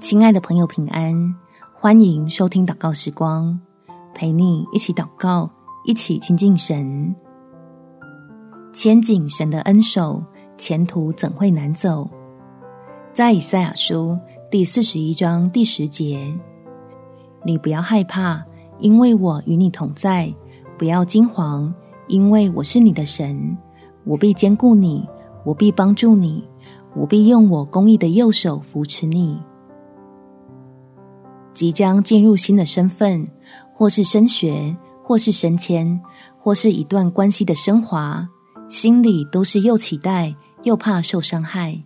親愛的朋友，平安！歡迎收聽禱告時光，陪你一起禱告，一起親近神。牽緊神的恩手，前途怎會難走？在以賽亞書第四十一章第十節：“你不要害怕，因為我與你同在；不要驚惶，因為我是你的神，我必堅固你，我必幫助你，我必用我公義的右手扶持你。”即將進入新的身份，或是升學，或是升遷，或是一段關係的昇華，心裡都是又期待又怕受傷害。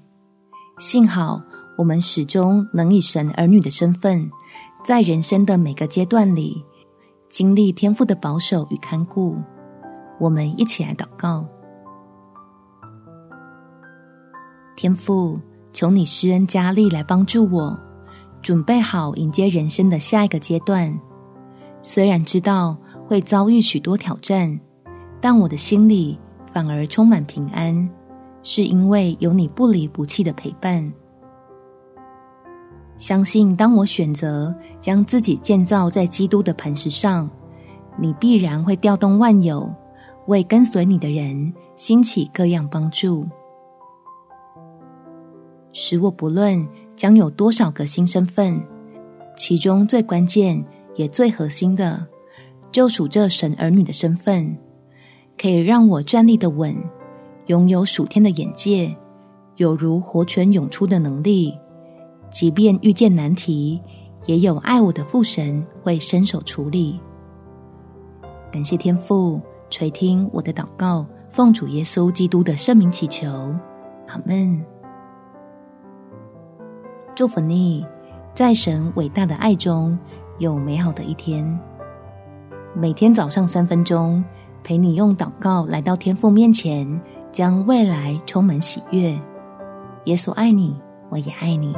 幸好，我們始終能以神兒女的身份，在人生的每個階段裡，經歷天父的保守與看顧。我們一起來禱告：天父，求你施恩加力來幫助我。準備好迎接人生的下一個階段。雖然知道會遭遇許多挑戰，但我的心裡反而充滿平安，是因為有你不離不棄的陪伴。相信當我選擇將自己建造在基督的磐石上，你必然會調動萬有，為跟隨你的人興起各樣幫助。使我不論將有多少個新身份，其中最關鍵也最核心的，就屬這神兒女的身份，可以讓我站立得穩，擁有屬天的眼界，有如活泉湧出的能力。即便遇見難題，也有愛我的父神會伸手處理。感謝天父垂聽我的禱告，奉主耶穌基督的聖名祈求，阿們。祝福你，在神偉大的愛中有美好的一天。每天早上三分鐘，陪你用禱告來到天父面前，將未來充滿喜悅。耶穌愛你，我也愛你。